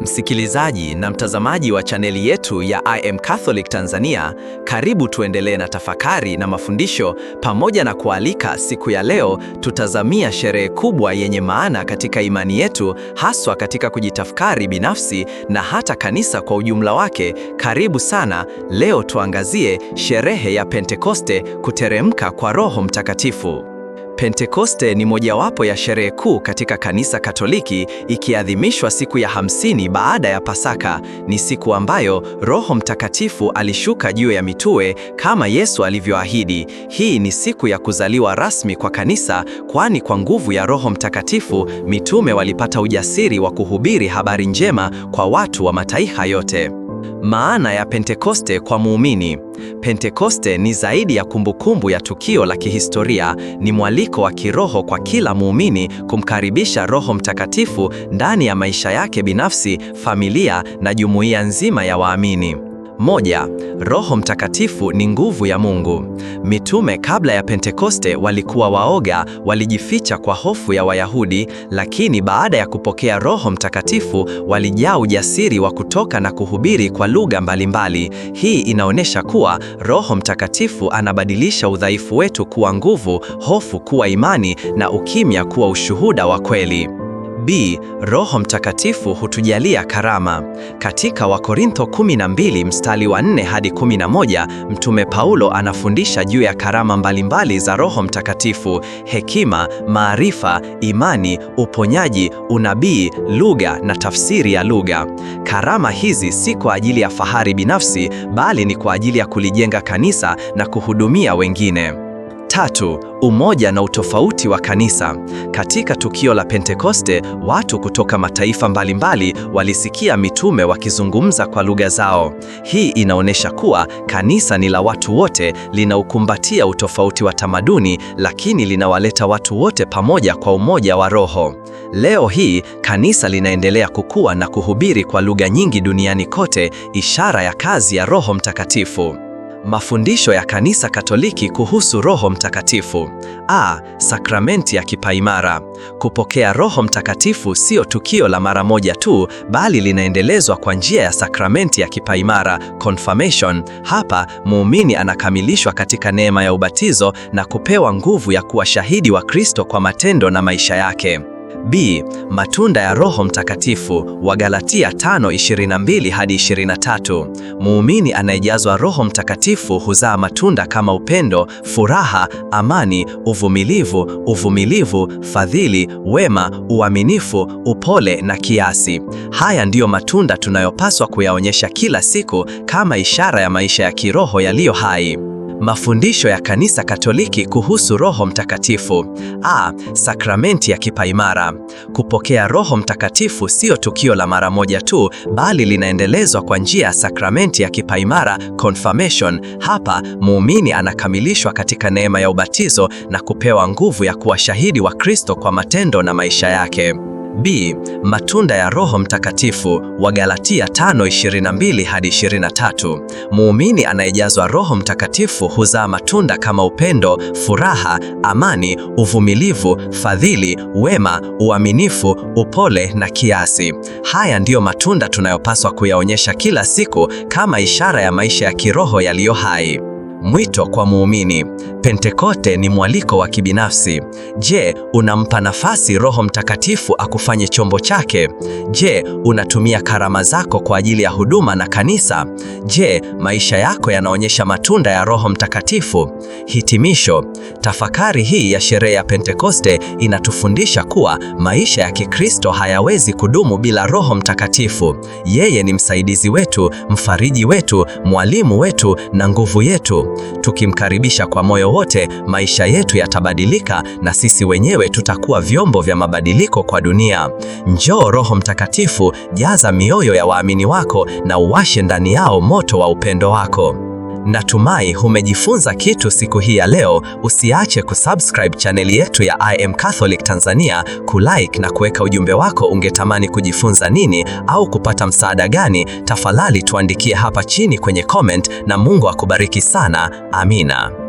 Msikilizaji na mtazamaji wa chaneli yetu ya I Am Catholic Tanzania, karibu tuendelee na tafakari na mafundisho pamoja na kualika. Siku ya leo tutazamia sherehe kubwa yenye maana katika imani yetu, haswa katika kujitafakari binafsi na hata kanisa kwa ujumla wake. Karibu sana. Leo tuangazie sherehe ya Pentekoste, kuteremka kwa Roho Mtakatifu. Pentekoste ni mojawapo ya sherehe kuu katika kanisa Katoliki, ikiadhimishwa siku ya hamsini baada ya Pasaka. Ni siku ambayo Roho Mtakatifu alishuka juu ya mitume kama Yesu alivyoahidi. Hii ni siku ya kuzaliwa rasmi kwa kanisa, kwani kwa nguvu ya Roho Mtakatifu mitume walipata ujasiri wa kuhubiri habari njema kwa watu wa mataifa yote. Maana ya Pentekoste kwa muumini. Pentekoste ni zaidi ya kumbukumbu ya tukio la kihistoria, ni mwaliko wa kiroho kwa kila muumini kumkaribisha Roho Mtakatifu ndani ya maisha yake binafsi, familia na jumuiya nzima ya waamini. Moja, Roho Mtakatifu ni nguvu ya Mungu. Mitume kabla ya Pentekoste walikuwa waoga, walijificha kwa hofu ya Wayahudi, lakini baada ya kupokea Roho Mtakatifu walijaa ujasiri wa kutoka na kuhubiri kwa lugha mbalimbali. Hii inaonyesha kuwa Roho Mtakatifu anabadilisha udhaifu wetu kuwa nguvu, hofu kuwa imani na ukimya kuwa ushuhuda wa kweli. B. Roho Mtakatifu hutujalia karama. Katika Wakorintho 12 mstari wa 4 hadi 11, Mtume Paulo anafundisha juu ya karama mbalimbali za Roho Mtakatifu: hekima, maarifa, imani, uponyaji, unabii, lugha na tafsiri ya lugha. Karama hizi si kwa ajili ya fahari binafsi, bali ni kwa ajili ya kulijenga kanisa na kuhudumia wengine. Tatu, umoja na utofauti wa kanisa. Katika tukio la Pentekoste, watu kutoka mataifa mbalimbali walisikia mitume wakizungumza kwa lugha zao. Hii inaonyesha kuwa kanisa ni la watu wote, linaukumbatia utofauti wa tamaduni, lakini linawaleta watu wote pamoja kwa umoja wa roho. Leo hii kanisa linaendelea kukua na kuhubiri kwa lugha nyingi duniani kote, ishara ya kazi ya Roho Mtakatifu. Mafundisho ya Kanisa Katoliki kuhusu Roho Mtakatifu. A, sakramenti ya kipaimara. Kupokea Roho Mtakatifu sio tukio la mara moja tu, bali linaendelezwa kwa njia ya sakramenti ya kipaimara, confirmation. Hapa muumini anakamilishwa katika neema ya ubatizo na kupewa nguvu ya kuwa shahidi wa Kristo kwa matendo na maisha yake. B. Matunda ya Roho Mtakatifu, Wagalatia 5:22 hadi 23. Muumini anayejazwa Roho Mtakatifu huzaa matunda kama upendo, furaha, amani, uvumilivu, uvumilivu, fadhili, wema, uaminifu, upole na kiasi. Haya ndiyo matunda tunayopaswa kuyaonyesha kila siku kama ishara ya maisha ya kiroho yaliyo hai. Mafundisho ya Kanisa Katoliki kuhusu Roho Mtakatifu. A, sakramenti ya kipaimara. Kupokea Roho Mtakatifu sio tukio la mara moja tu, bali linaendelezwa kwa njia ya sakramenti ya kipaimara confirmation. Hapa muumini anakamilishwa katika neema ya ubatizo na kupewa nguvu ya kuwa shahidi wa Kristo kwa matendo na maisha yake. B. Matunda ya Roho Mtakatifu wa Galatia 5:22 hadi 23. Muumini anayejazwa Roho Mtakatifu huzaa matunda kama upendo, furaha, amani, uvumilivu, fadhili, wema, uaminifu, upole na kiasi. Haya ndiyo matunda tunayopaswa kuyaonyesha kila siku kama ishara ya maisha ya kiroho yaliyo hai. Mwito kwa muumini. Pentekote ni mwaliko wa kibinafsi. Je, unampa nafasi Roho Mtakatifu akufanye chombo chake? Je, unatumia karama zako kwa ajili ya huduma na kanisa? Je, maisha yako yanaonyesha matunda ya Roho Mtakatifu? Hitimisho. Tafakari hii ya sherehe ya Pentekoste inatufundisha kuwa maisha ya Kikristo hayawezi kudumu bila Roho Mtakatifu. Yeye ni msaidizi wetu, mfariji wetu, mwalimu wetu na nguvu yetu. Tukimkaribisha kwa moyo wote, maisha yetu yatabadilika na sisi wenyewe tutakuwa vyombo vya mabadiliko kwa dunia. Njoo Roho Mtakatifu, jaza mioyo ya waamini wako na uwashe ndani yao moto wa upendo wako. Natumai humejifunza kitu siku hii ya leo. Usiache kusubscribe chaneli yetu ya I am Catholic Tanzania, kulike na kuweka ujumbe wako. Ungetamani kujifunza nini au kupata msaada gani? Tafadhali tuandikie hapa chini kwenye comment, na Mungu akubariki sana. Amina.